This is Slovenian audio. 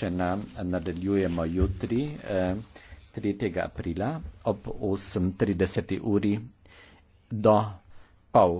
srečanja nadaljujemo jutri, 3. Eh, aprila ob 8.30 uri do pol.